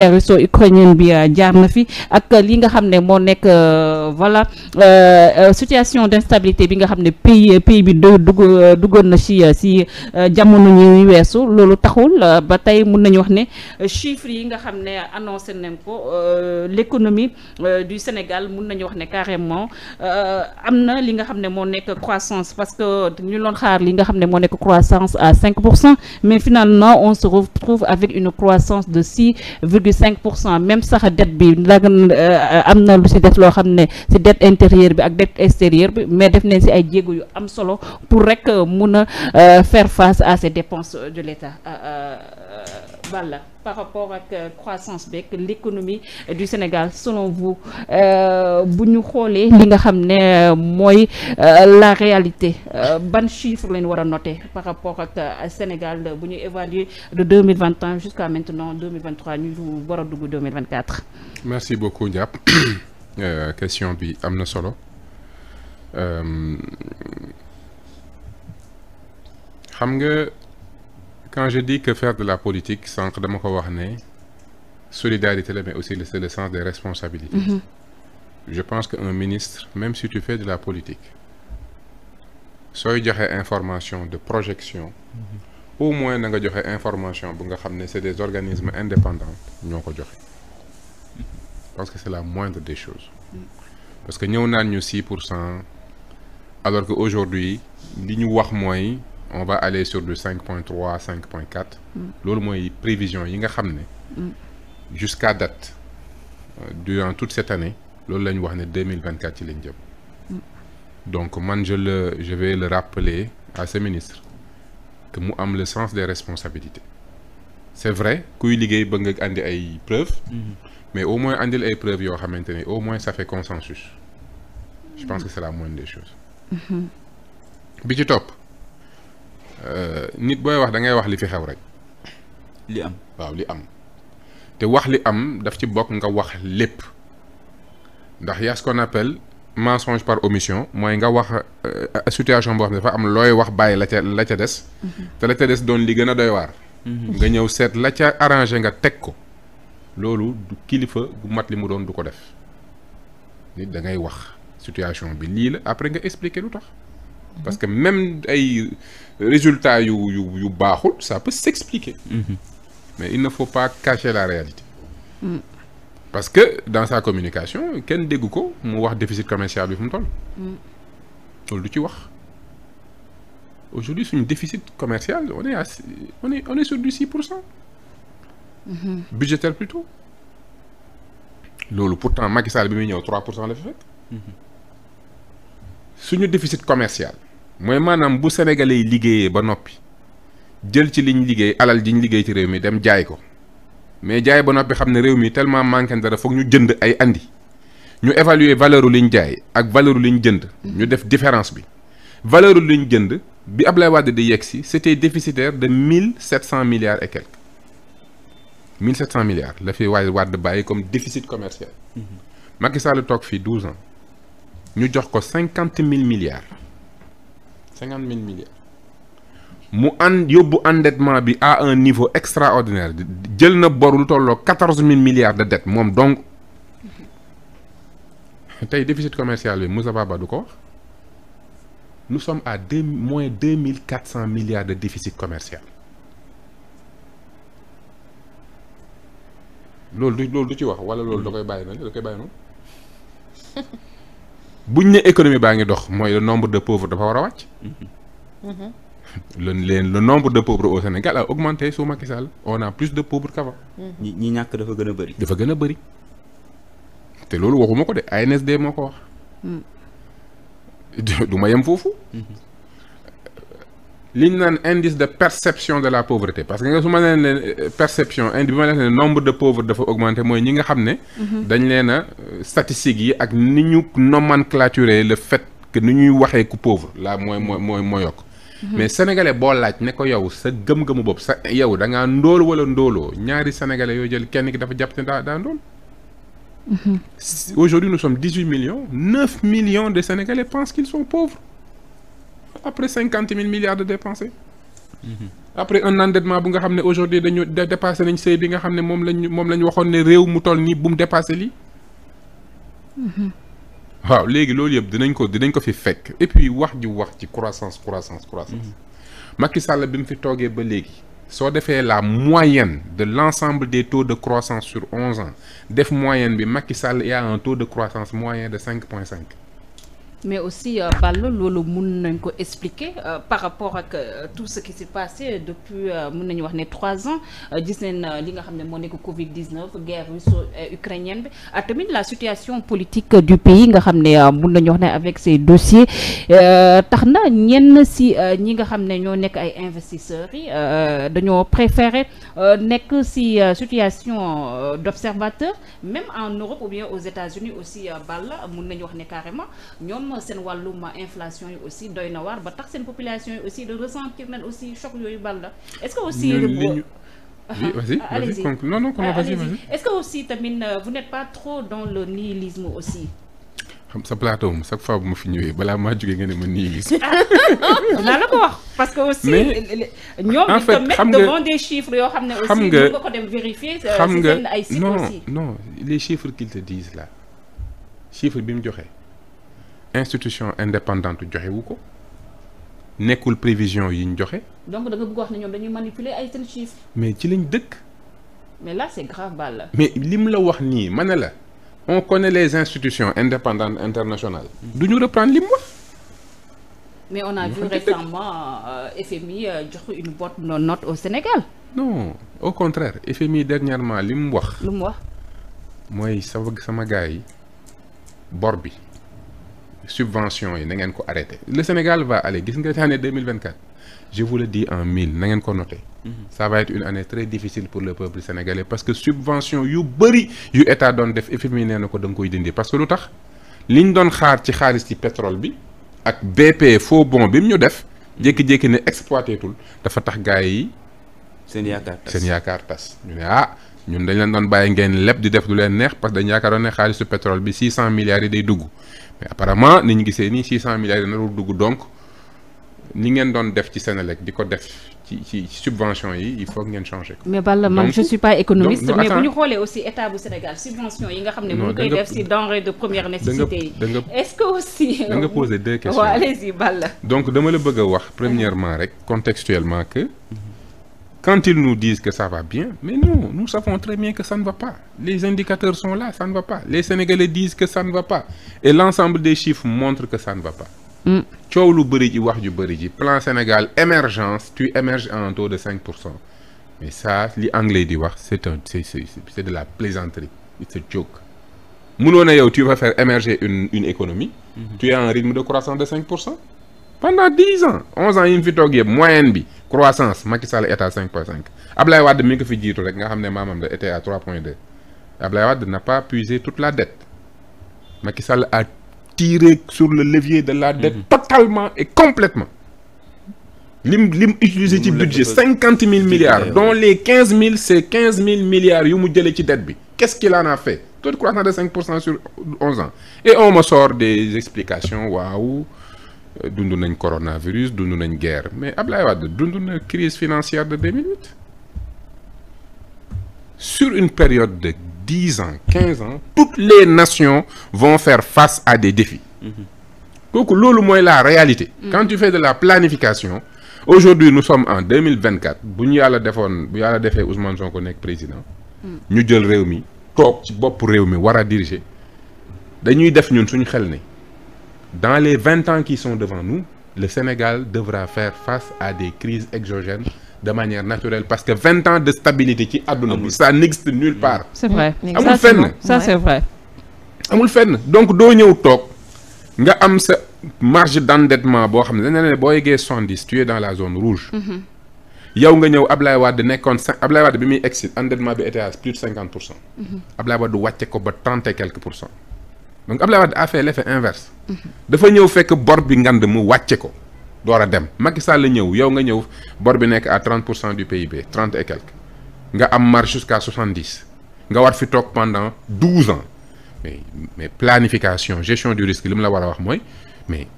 réseau ukrainien bi euh, jaar na fi ak li nga xam ne moo nekk euh, voilà euh, situation d'instabilité bi nga xam ne pays pays bi dugg duggoon na ci ci jamono ñuy weesu loolu taxul ba tey mun nañu wax ne chiffres yi nga xam ne annoncé nañ ko l'économie du Sénégal mun nañu wax ne carrément am na li nga xam ne moo nekk croissance parce que ñu loon xaar li nga xam ne moo nekk croissance à 5 mais finalement on se retrouve avec une croissance de 6 virgule cinq pour cent même sax dette bi euh, am na lu si des loo xam ne si dette intérieure bi ak dette extérieure bi mais def nañ si ay jéego yu am solo pour rek mun a euh, faire face à ces dépenses de l'État euh, Balla par rapport ak euh, croissance beeg l'économie du Sénégal selon vous euh, bu ñu xoolee li nga xam ne euh, mooy la réalité ban chiffre lañu war a noter par rapport ak Sénégal bu ñu évaluer de 2021 jusqu'à maintenant 2023 ñu war a dugg 2024 merci beaucoup Ndiap question bi am na solo xam nga quand je dis que faire de la politique sànq dama ko wax ne solidarité la mais aussi c'est le sens des responsabilités mm-hmm. je pense que un ministre même si tu fais de la politique sooy joxe information de projection mm au moins nanga nga joxe information bu nga xam ne c'est des organismes indépendants ñoo ko joxe parce que c'est la moindre des choses mm-hmm. parce que ñëw naan ñu six pour cent alors que aujourd'hui li ñu wax mooy on va aller sur du 5.3 5.4. Mm. loolu mooy prévision yi nga xam ne. Mm. jusqu'à date euh, durant toute cette année loolu la ñu wax ne 2024 ci lañ jëm. Mm. donc man je le je vais le rappeler à ce ministre que mu am le sens des responsabilités. c'est vrai kuy liggéey ba nga andi ay preuves. Mm-hmm. mais au moins andil ay preuves yoo xamante ne au moins ça fait consensus. je pense que c'est la moindre des choses. Mm-hmm. bi ci topp. Euh, nit booy wax da ngay wax li fi xew rek. li am waaw li am. te wax li am daf ci bokk nga wax lépp ndax yaa ce qu'on appelle mensonge par omission mooy nga wax euh, situation boo xam ne dafa am looy wax bàyyi la ca la ca des. Mhm. te la des doon li gën a doy waar. Mhm. ñëw seet la ca arrangé nga teg ko. loolu kilifa bu mat li mu doon du ko def nit da wax situation bi lii la après nga expliquer lu tax. Mhm. parce que ay. résultat yu yu yu baaxul ça peut s'expliquer mhm. mais il ne faut pas cacher la réalité mm. parce que dans sa communication kenn dégg ko mu wax déficit commercial bi fu mu toll mm. loolu du ci wax aujourd'hui suñu déficit commercial on est à on est on sur du six pour cent mhm. budgétaire plutôt loolu pourtant Macky Sall bi muy ñëw trois pour cent la fi fekk mhm. suñu déficit commercial mooy maanaam bu sénégalais yi liggéeyee ba noppi jël ci liñ liggéey alal jiñ liggéey ci réew mi dem jaay ko mais jaay ba noppi xam ne réew mi tellement manqué na dara foog ñu jënd ay indi ñu évaluer valeur liñ jaay ak valeur liñ jënd. ñu def différence bi. valeuru liñ jënd bi Ablaye Wade di yegg si c'était déficitaire de mille sept cent milliards et quelques mille sept cent milliards la fi waay Wade bàyyi comme déficit commercial. Mm-hmm. Macky Sall toog fii douze ans ñu jox ko cinquante mille milliards. cinquante mille milliards. mu ànd yóbbu endettement bi à un niveau extraordinaire jël na bor lu tolloo quatorze mille milliards de dette moom donc tey déficit commercial bi Moussa Baba du ko wax nous sommes à deux moins deux mille quatre cent milliards de déficit commercial loolu du loolu du ci wax walla loolu da koy bàyyi na da koy bàyyi noonu buñ ne économie baa ngi dox mooy le nombre de pauvres dafa war a wàcc. Mhm. le leen le nombre de pauvres au Sénégal a augmenté sous Macky Sall on a plus de pauvres ka mhm. ñi ñi ñàkk dafa gën a bëri. dafa gën a bëri te loolu waxuma ko de ANSD moo ko wax. Hmm. du ma yem foofu. Mhm. li ñu naan indice de perception de la pauvreté parce que su ma leen leen perception indi bi ma leen ne nombre de pauvres dafa augmenté mooy ñi nga xam ne. dañ leen statistiques yi ak ni ñu nomenclaturer le fait que ni ñuy waxee ku pauvre la mooy mooy mooy moo yokk mhm. mais sénégalais boo laaj ne yow sa gëm-gëmu bopp sa yow da ngaa ndóol wala ndóoloo ñaari sénégalais yoo jël kenn ki dafa jàpp ne daa daa ndóol mhm. aujourd'hui nous sommes dix-huit millions neuf millions de sénégalais pensent qu'ils sont après cinquante mille milliards de dépensés mhm. après un endettement bu nga xam ne aujourd'hui dañu dépassé nañ seuil bi nga xam ne moom lañ moom la ñu waxoon ne réew mu toll nii bu mu dépasé lii Mm-hmm. waaw léegi loolu yëpp dinañ ko dinañ ko fi fekk et puis wax ju wax ci croissance croissance croissance mm-hmm. Macky Sall bi mu fi toogee ba léegi soo defee la moyenne de l'ensemble des taux de croissance sur onze ans def moyenne bi Macky Sall y a un taux de croissance moyen de cinq point cinq mais aussi euh, Balla loolu mun nañ ko expliquer euh, par rapport ak euh, tout ce qui s'est passé depuis mun nañu wax ne trois ans gis neen li nga xam ne moo nekk Covid 19 guerre russo-ukrainienne bi tamit la situation politique du pays nga xam ne mun nañu wax ne avec ces dossiers tax na ñenn si ñi nga xam ne ñoo nekk ay investisseurs yi dañoo préférer nekk si situation d'observateur même en Europe ou bien aux États-Unis aussi Balla mun nañu wax ne carrément ñoom. am seen wàllum inflation yi aussi doy na waar ba tax seen population yi aussi de ressentir nañ aussi choc yooyu bal la est-ce que aussi Oui, ah, vas-y, ah, vas-y, non, non, comment, ah, vas-y, vas-y. Est-ce que aussi, Tamine, euh, vous n'êtes pas trop dans le nihilisme aussi xam sa plateau moom chaque fois bu ma fi ñëwee balaa maa jógee nga ne ma nihilisme. naa la ko wax parce que aussi. ñoom en fait xam nga devant des chiffres yoo xam ne aussi xam nga ko dem vérifier. Euh, xam nga ay non non les chiffres qu'ils te disent là chiffre bi mu joxe. institution indépendante joxewu ko nekkul prévision yi ñu joxe. donc da nga wax ne ñoom dañuy manipuler ay seen mais ci lañ dëkk. mais là c'est grave Balla. mais lim la wax nii ma ne la on connaît les institutions indépendante internationales. du ñu reprendre lim wax. mais on a vu récemment euh, FMI euh, jox une bonne note au Sénégal. non au contraire FMI dernièrement li mu wax. lu mu wax. mooy sama sama gars yi bor bi. subvention yi na ngeen ko arrêté le Sénégal va aller gis nga année deux mille vingt quatre je vous le dis en mille nangeen ko noté. Mhm. ça va être une année très difficile pour le peuple sénégalais parce que subvention yu bëri yu état doon def FMI nee na ko da nga koy dindi parce que lu tax ñu doon xaar ci xaalis ci pétrole bi ak bépp faux bon bi mu ñu def. jékki-jékki ne exploité dafa tax gars yi. seen yaakaar tas seen yaakaar tas ñu ne ah. ñun dañ leen doon bàyyi ngeen lépp di def lu leen neex parce que dañ yaakaaroon ne xaalisu pétrole bi six cent milliards yi dugg mais apparemment ni ñu gisee nii cent milliards yi narul dugg donc ni ngeen doon def ci Senelec di ko def ci ci subvention yi il faut ngeen changer ko. mais Balla man je suis pas économiste. donc mais bu ñu xoolee aussi état bu Sénégal subvention yi nga xam ne. mu ngi koy def si denrée de première nécessité yi. est-ce que aussi. da nga poser deux questions waaw allez-y donc dama la bëgg a wax premièrement rek contextuellement que. quand ils nous disent que ça va bien mais nous nous savons très bien que ça ne va pas les indicateurs sont là ça ne va pas les Sénégalais disent que ça ne va pas et l'ensemble des chiffres montre que ça ne va pas mm. coow lu bëri ji wax ju bëri ji plan Sénégal émergence tu émerges à un taux de cinq pour cent mais ça li anglais di wax c'est un c'est de la plaisanterie it's a joke mënoon na yow tu vas faire émerger une économie mm-hmm. tu as un rythme de croissance de cinq pour pendant dix ans onze ans yi mu fi toog yëpp moyenne bi croissance Macky Sall est à cinq point cinq Ablaye Wade mi ngi fi jiitu rek nga xam ne maamam la était à trois point deux Ablaye Wade n'a pas puisé toute la dette Macky Sall a tiré sur le levier de la dette. Mm -hmm. totalement et complètement li lim utilisé ci budget cinquante mille milliards dont les quinze mille c'est quinze mille milliards yu mu jëlee ci dette bi qu'est-ce qu'il en a fait taux de de cinq pour cent sur onze ans et on me des explications waaw dundu nañ coronavirus dundu nañ guerre mais Ablaye Wade dund na crise financière de 2008 sur une période de dix ans quinze ans toutes les nations von faire face à des défis mm-hmm. kooku loolu mooy la réalité mm. quand tu fais de la planification aujourd'hui nu sommes en 2024 bu ñu yàlla defoon bu yàlla defee Ousmane ko nekk président mm. ñu jël réew mi toog ci bopp réew mi war a diriger dañuy def ñun suñu xel ni dans les vingt ans qui sont devant nous le Sénégal devra faire face à des crises exogènes de manière naturelle parce que vingt ans de stabilité ci àdduna bi ça n'existe nulle part c'est vrai mmh. amul fenn ça c'est vrai amul fenn donc doo ñëw toog nga am sa marge d'endettement boo xam ne dañ ne boo yeggee soixante-dix tu dans la zone rouge mmh. yow nga ñëw Ablaye Wade nekkoon cin Ablaye Wade bi muy exit endettement bi était à plus de cinquante pour cent mmh. Ablaye Wade wàcce ko ba trente et pour cent donc Abdoulaye Wade a fait l'effet inverse. Mhm. dafa ñëw fekk bor bi ngand mu wàcce ko door a dem Macky Sall la ñëw yow nga ñëw bor bi nekk à 30 pour cent du PIB 30 et quelque nga am marge jusqu'à 70 nga war fi toog pendant 12 ans mais planification gestion du risque li mu la war a wax mooy mais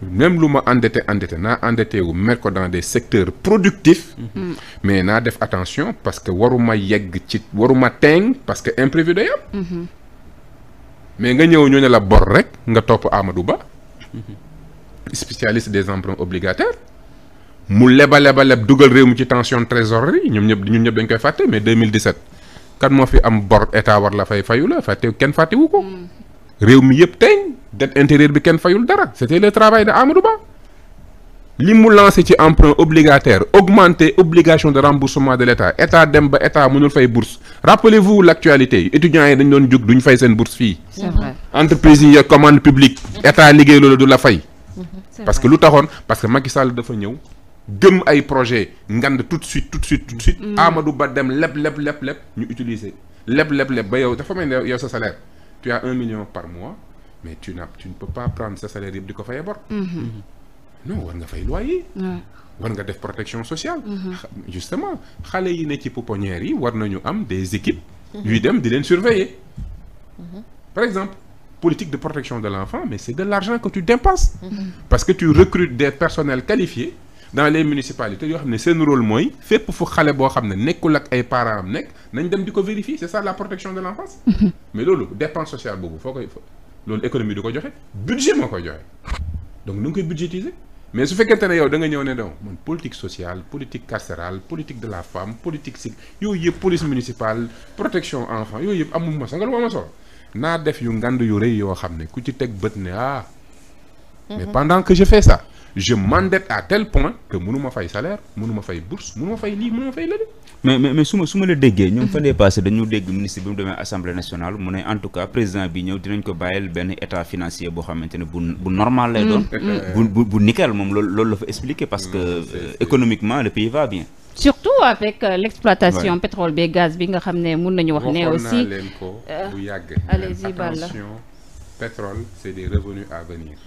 même lu ma endetté endetté naa endetté wu mettre ko dans des secteurs productifs. Mhm. mais naa def attention parce que waruma yegg ci waruma teeŋ parce que imprévu day am. Mhm. mais nga ñëw ñu ne la bor rek nga topp amadu Ba spécialiste des emprunts obligataires mu leba leba leb dugal réew mi ci tension trésorerie ñoom ñëpp ñun ñëpp dañ koy fàtte mais 2017 kan moo fi am bor état war la fay fayu la fàtte kenn fàttewu ko mm. réew mi yëpp tey dette intérieure bi kenn fayul dara c'était le travail de Amadou Ba li mu lancé ci emprunt obligataire augmenter obligation de remboursement de l' état état dem ba état mënul fay bourse rappelez-vous l' actualité yi dañ doon jóg duñ fay seen bourse fii entreprise yi commande publique mm-hmm. état liggéey loolu du la fay mm-hmm. parce que lu taxoon parce que Macky Sall dafa ñëw gëm ay projet ngand tout de suite tout de suite tout de suite mm-hmm. Amadou Ba dem leb leb leb leb ñu utiliser leb leb leb ba yow dafa mel ne yow sa salaire tu par mois mais tu di ko fay bor non war nga fay loyer. war nga def protection sociale. Mhm. justement xale yi ne ci pouponnière yi war nañu am des équipes. yuy dem di leen surveiller. Mhm. par exemple politique de protection de l'enfant mais c'est de l'argent que tu dépenses. Mhm. parce que tu recrutes des personnels qualifiés. dans les municipalités yoo xam ne seen rôle mooy fépp fu xale boo xam ne nekkul ak ay parents am nekk nañ dem di ko vérifier c'est ça la protection de l'enfance mais loolu dépense sociale boobu foo koy loolu économie du ko joxe budget moo koy joxe donc mais su fekkente ne yow da nga ñëw ne daw man politique sociale politique carcérale politique de la femme politique si yooyu yëpp police municipale protection enfant yooyu yëpp amul ma sangal woo ma solo naa def yu ngand yu rëy yoo xam ne ku ci teg bët ne ah mais mhm. pendant que je fais ça je m'endette à tel point que mënuma fay salaire ma fay bourse ma fay lii mënuma fay lële. mais mais mais su ma su ma la déggee ñoom fan yii passé dañu dégg ministre bi mu demee assemblée nationale mu ne en tout cas président bi ñëw dinañ ko bàyyil benn état financier boo xamante ne bu bu normal lay doon. Mm, mm. bu bu bu moom loolu loolu la fa expliquer parce que mm, euh, économiquement le pays va bien. surtout avec euh, l'exploitation pétrole bi gaz bi nga xam ne mun nañu wax ko euh, bu yàgg. allez-y Balla pétrole des revenus à